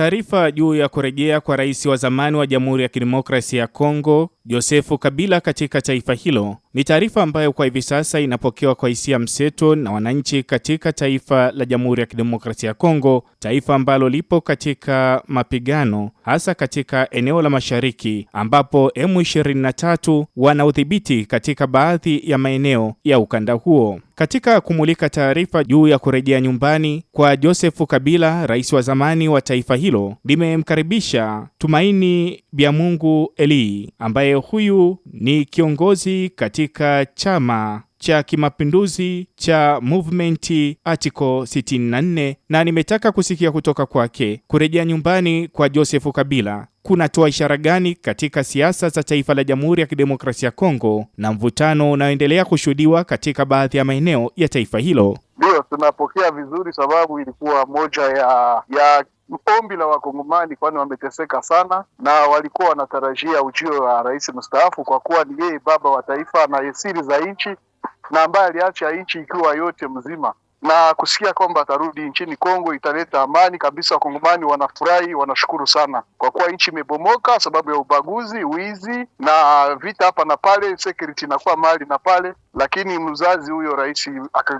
Taarifa juu ya kurejea kwa rais wa zamani wa Jamhuri ya Kidemokrasia ya Kongo Josefu Kabila katika taifa hilo ni taarifa ambayo kwa hivi sasa inapokewa kwa hisia mseto na wananchi katika taifa la Jamhuri ya Kidemokrasia ya Kongo, taifa ambalo lipo katika mapigano hasa katika eneo la mashariki ambapo M23 wanaudhibiti katika baadhi ya maeneo ya ukanda huo. Katika kumulika taarifa juu ya kurejea nyumbani kwa Josefu Kabila, rais wa zamani wa taifa hilo limemkaribisha Tumaini Byamungu Eli ambaye huyu ni kiongozi katika chama cha kimapinduzi cha Movement Article 64 na nimetaka kusikia kutoka kwake kurejea nyumbani kwa Joseph Kabila kunatoa ishara gani katika siasa za taifa la Jamhuri ya Kidemokrasia ya Kongo na mvutano unaoendelea kushuhudiwa katika baadhi ya maeneo ya taifa hilo. Ndio tunapokea vizuri, sababu ilikuwa moja ya ya ombi la Wakongomani, kwani wameteseka sana na walikuwa wanatarajia ujio wa rais mstaafu, kwa kuwa ni yeye baba wa taifa na siri za nchi na ambaye aliacha nchi ikiwa yote mzima na kusikia kwamba atarudi nchini Kongo italeta amani kabisa. Wakongomani wanafurahi, wanashukuru sana kwa kuwa nchi imebomoka sababu ya ubaguzi, wizi na vita hapa na pale, security inakuwa mahali na pale. Lakini mzazi huyo rais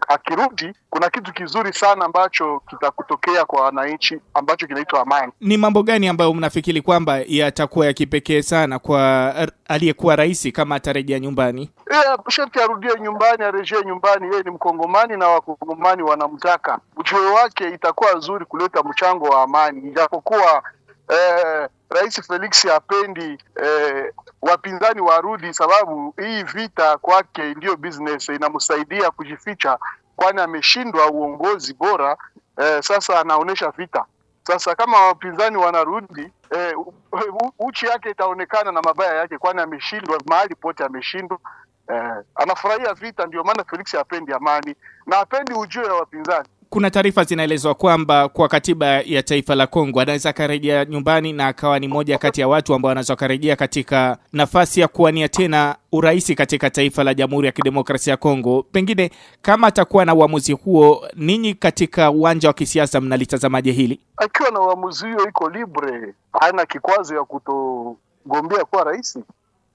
akirudi, kuna kitu kizuri sana ambacho kitakutokea kwa wananchi ambacho kinaitwa amani. Ni mambo gani ambayo mnafikiri kwamba yatakuwa ya kipekee sana kwa aliyekuwa rais kama atarejea nyumbani? Yeah, sharti arudie nyumbani, arejee nyumbani. Yeye ni mkongomani na wakongomani amani wanamtaka. Ujio wake itakuwa nzuri kuleta mchango wa amani, ijapokuwa eh, Rais Felix hapendi eh, wapinzani warudi, sababu hii vita kwake ndiyo business, inamsaidia kujificha, kwani ameshindwa uongozi bora eh, sasa anaonesha vita. Sasa kama wapinzani wanarudi eh, uchi yake itaonekana na mabaya yake, kwani ameshindwa mahali pote, ameshindwa eh, anafurahia vita, ndio maana Felix hapendi amani na hapendi ujio ya wapinzani. Kuna taarifa zinaelezwa kwamba kwa katiba ya taifa la Kongo anaweza akarejea nyumbani na akawa ni moja kati ya watu ambao wanaweza karejea katika nafasi ya kuwania tena urais katika taifa la Jamhuri ya Kidemokrasia ya Kongo. Pengine kama atakuwa na uamuzi huo, ninyi katika uwanja wa kisiasa mnalitazamaje hili? Akiwa na uamuzi huo, iko libre, hana kikwazo ya kutogombea kuwa rais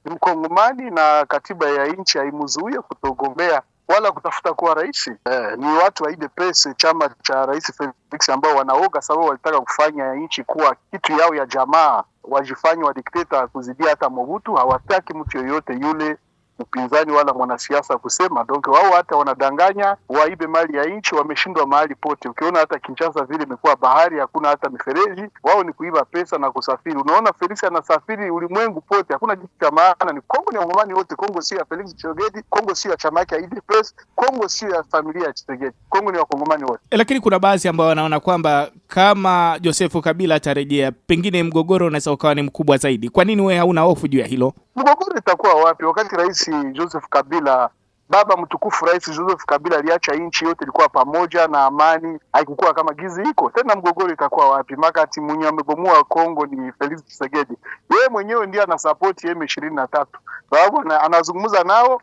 mkongomani na katiba ya nchi haimuzuie kutogombea wala kutafuta kuwa rais eh, ni watu wa UDPS chama cha rais Felix ambao wanaoga sababu walitaka kufanya nchi kuwa kitu yao ya jamaa, wajifanye wadikteta kuzidia hata Mobutu. Hawataki mtu yoyote yule upinzani wala mwanasiasa kusema. Donc wao hata wanadanganya, waibe mali ya nchi, wameshindwa mahali pote. Ukiona hata Kinshasa vile imekuwa bahari, hakuna hata mifereji, wao ni kuiba pesa na kusafiri. Unaona Felix anasafiri ulimwengu pote, hakuna kitu cha maana. Ni Kongo ni wangomani wote. Kongo sio ya Felix Tshisekedi, Kongo sio ya chama yake UDPS, Kongo sio ya familia ya Tshisekedi, Kongo ni wakongomani wote. Eh, lakini kuna baadhi ambao wanaona kwamba kama Josefu Kabila atarejea, pengine mgogoro unaweza ukawa ni mkubwa zaidi. Kwa nini wewe hauna hofu juu ya hilo? mgogoro itakuwa wapi wakati Rais Joseph Kabila baba mtukufu Rais Joseph Kabila aliacha nchi yote ilikuwa pamoja na amani, haikukuwa kama gizi iko tena. Mgogoro itakuwa wapi? Makati mwenye amebomua Kongo ni Felix Tshisekedi, yeye mwenyewe ndiye anasapoti M ishirini na tatu sababu anazungumza nao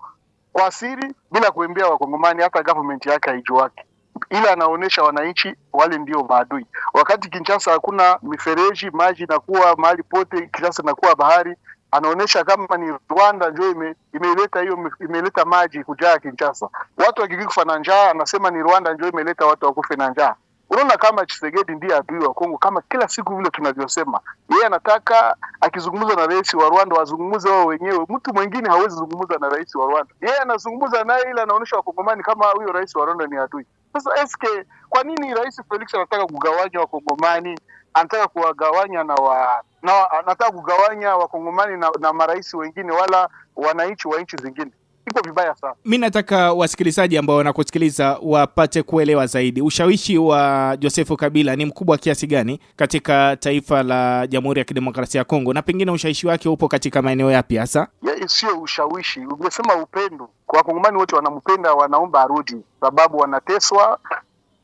kwa siri bila kuembea Wakongomani, hata government yake haijuwake, ila anaonyesha wananchi wale ndio maadui. Wakati kinchasa hakuna mifereji, maji inakuwa mahali pote, Kinshasa inakuwa bahari anaonesha kama ni Rwanda ndio ime, imeleta hiyo imeleta maji kujaa Kinshasa, watu wakiki kufa na njaa, anasema ni Rwanda ndio imeleta watu wakufe na njaa. Unaona kama Chisegedi ndiye adui wa Kongo, kama kila siku vile tunavyosema. Yeye anataka akizungumza na rais wa Rwanda wazungumze wao wenyewe, mtu mwingine hawezi zungumza na rais wa Rwanda. Yeye anazungumza naye ili anaonyesha wakongomani kama huyo rais wa Rwanda ni adui. Sasa SK, kwa nini rais Felix anataka kugawanya wakongomani, anataka kuwagawanya na wa na anataka kugawanya wakongomani na, na marais wengine wala wananchi wa nchi zingine iko vibaya sana. Mimi nataka wasikilizaji ambao wanakusikiliza wapate kuelewa zaidi. Ushawishi wa Josefu Kabila ni mkubwa kiasi gani katika taifa la Jamhuri ya Kidemokrasia ya Kongo na pengine ushawishi wake upo katika maeneo yapi hasa? Ya, sio ushawishi, umesema upendo. Kwa wakongomani wote wanampenda, wanaomba arudi, sababu wanateswa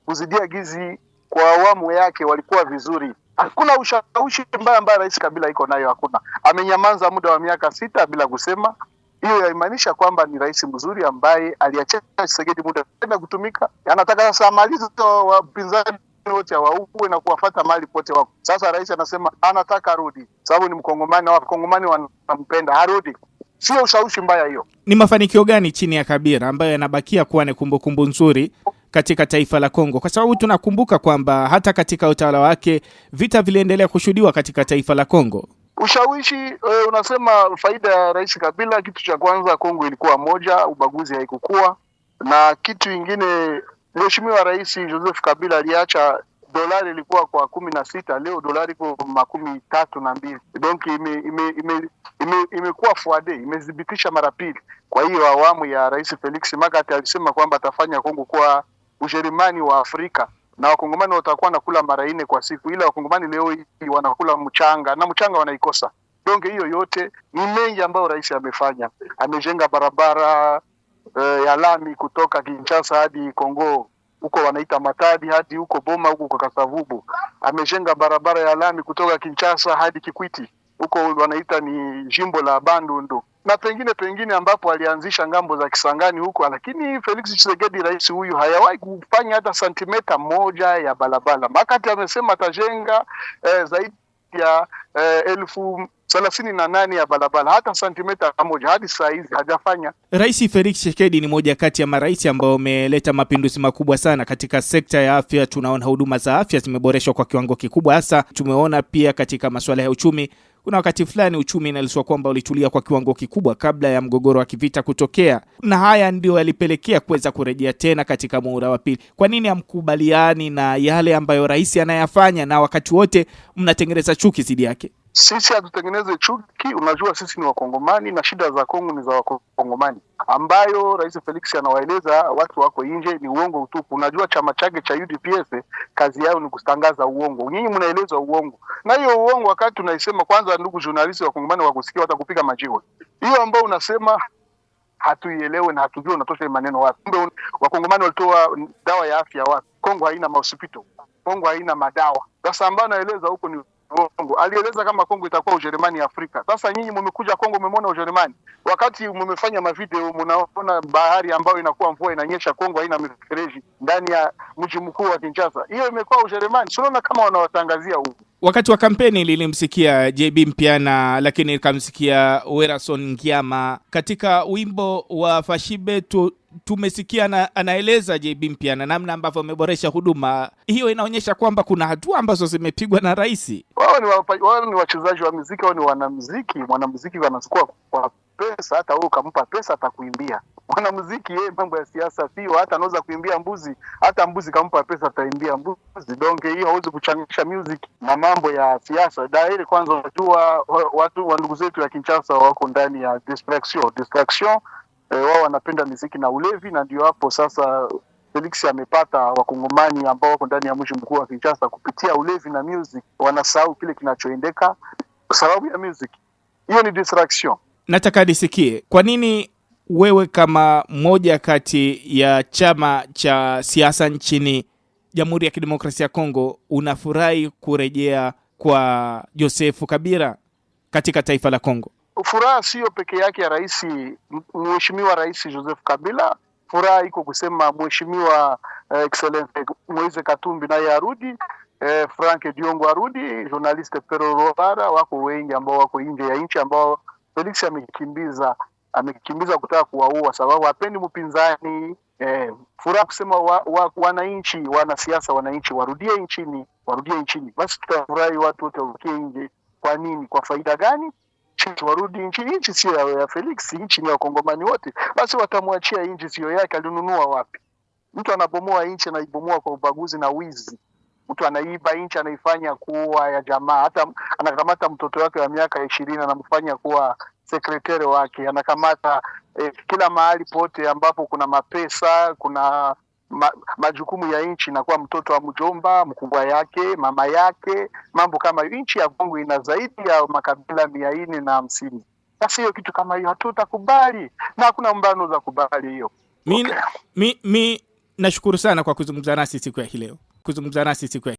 kuzidia gizi. Kwa awamu yake walikuwa vizuri hakuna ushawishi mbaya ambayo Rais Kabila iko nayo, hakuna. Amenyamaza muda wa miaka sita bila kusema. Hiyo yaimaanisha kwamba ni rais mzuri ambaye aliachia Tshisekedi muda tena kutumika, anataka sasa amalize wapinzani wote waue na kuwafata mali pote wako. Sasa rais anasema anataka arudi, sababu ni Mkongomani na Wakongomani wanampenda, arudi sio ushawishi mbaya hiyo. Ni mafanikio gani chini ya Kabila ambayo yanabakia kuwa ni kumbukumbu nzuri katika taifa la Kongo, kwa sababu tunakumbuka kwamba hata katika utawala wake vita viliendelea kushuhudiwa katika taifa la Kongo. Ushawishi e, unasema faida ya Rais Kabila, kitu cha kwanza Kongo ilikuwa moja, ubaguzi haikukuwa, na kitu ingine Mheshimiwa Rais Joseph Kabila aliacha dolari ilikuwa kwa kumi na sita leo dolari iko makumi tatu na mbili donk imekuwa ime, ime, ime, ime imethibitisha mara pili. Kwa hiyo awamu ya Rais Felix magat alisema kwamba atafanya Kongo kuwa Ujerumani wa Afrika na wakongomani watakuwa nakula mara nne kwa siku, ila wakongomani leo hii wanakula mchanga na mchanga wanaikosa. donge hiyo yote ni mengi ambayo rais amefanya, amejenga barabara uh, ya lami kutoka Kinshasa hadi Kongo huko wanaita Matadi hadi huko Boma huko kwa Kasavubu. Amejenga barabara ya lami kutoka Kinshasa hadi Kikwiti huko wanaita ni jimbo la Bandundu na pengine pengine ambapo alianzisha ngambo za Kisangani huko, lakini Felix Tshisekedi rais huyu hayawahi kufanya hata santimeta moja ya barabara. Makati amesema atajenga eh, zaidi ya eh, elfu thelathini na nane ya barabara hata santimeta moja hadi saa hizi hajafanya. Rais Felix Tshisekedi ni moja kati ya marais ambao wameleta mapinduzi makubwa sana katika sekta ya afya. Tunaona huduma za afya zimeboreshwa kwa kiwango kikubwa, hasa tumeona pia katika masuala ya uchumi kuna wakati fulani uchumi inaelezwa kwamba ulitulia kwa kiwango kikubwa kabla ya mgogoro wa kivita kutokea, na haya ndio yalipelekea kuweza kurejea tena katika muhula wa pili. Kwa nini hamkubaliani na yale ambayo rais anayafanya na wakati wote mnatengeneza chuki dhidi yake? Sisi hatutengeneze chuki. Unajua, sisi ni Wakongomani na shida za Kongo ni za Wakongomani, ambayo Rais Felix anawaeleza watu wako nje ni uongo utupu. Unajua, chama chake cha UDPS kazi yao ni kutangaza uongo, nyinyi mnaelezwa uongo, na hiyo uongo wakati unaisema, kwanza, ndugu journalisti Wakongomani wakusikia, watakupiga majiwe. Hiyo ambayo unasema hatuielewe na hatujua unatosha maneno wapi. Wakongomani walitoa dawa ya afya wapi? Kongo haina mahospitali, Kongo haina madawa. Sasa ambayo anaeleza huko ni kongo alieleza kama Kongo itakuwa Ujerumani Afrika. Sasa nyinyi mmekuja Kongo, mmemwona Ujerumani, wakati mmefanya mavideo, mnaona bahari ambayo inakuwa mvua inanyesha Kongo, haina mifereji ndani ya mji mkuu wa Kinshasa. Hiyo imekuwa Ujerumani, sinaona kama wanawatangazia huko Wakati wa kampeni lilimsikia JB Mpiana, lakini likamsikia Werason Ngiama katika wimbo wa Fashibe tu tumesikia na, anaeleza JB Mpiana namna ambavyo ameboresha huduma hiyo. Inaonyesha kwamba kuna hatua ambazo zimepigwa na rais. Wao ni wachezaji wa muziki, wao ni wanamuziki. Mwanamuziki anachukua kwa pesa, hata wewe ukampa pesa atakuimbia mwanamuziki yeye mambo ya siasa sio, hata anaweza kuimbia mbuzi, hata mbuzi kampa pesa ataimbia mbuzi. Donge hiyo hawezi kuchangisha music na mambo ya siasa dairi. Kwanza unajua watu wa ndugu zetu ya Kinshasa wako ndani ya distraction distraction, e, wao wanapenda muziki na ulevi, na ndio hapo sasa Felix amepata wakongomani ambao wako ndani ya mji mkuu wa Kinshasa kupitia ulevi na music, wanasahau kile kinachoendeka sababu ya music. Hiyo ni distraction. Nataka nisikie kwa nini wewe kama moja kati ya chama cha siasa nchini Jamhuri ya Kidemokrasia ya Kongo, unafurahi kurejea kwa Josefu Kabila katika taifa la Kongo? Furaha siyo peke yake ya rais, mheshimiwa Rais Joseph Kabila. Furaha iko kusema mheshimiwa eh, Moise Katumbi naye arudi, eh, Frank Diongo arudi, journaliste Pero Rovara, wako wengi ambao wako nje ya nchi ambao Felix amekimbiza amekimbiza kutaka kuwaua sababu hapendi mpinzani. Eh, furaha kusema wa, wa, wananchi wanasiasa wananchi warudie nchini, warudie nchini, basi tutafurahi, watu wote warukie nje. Kwa nini? Kwa faida gani? warudi nchini. Nchi sio ya ya Felix, nchi ni ya wakongomani wote. Basi watamwachia nchi, sio yake, alinunua wapi? Mtu anabomoa nchi, anaibomoa kwa ubaguzi na wizi. Mtu anaiba nchi, anaifanya kuwa ya jamaa, hata anakamata mtoto wake wa miaka ishirini anamfanya kuwa sekretari wake anakamata eh, kila mahali pote ambapo kuna mapesa, kuna ma, majukumu ya nchi, inakuwa mtoto wa mjomba mkubwa yake mama yake, mambo kama hiyo. Nchi ya Kongo ina zaidi ya makabila mia nne na hamsini. Sasa hiyo kitu kama hiyo hatutakubali na hakuna mbano za kubali hiyo. Mi, okay. mi, mi nashukuru sana kwa kuzungumza nasi siku ya hii leo, kuzungumza nasi siku ya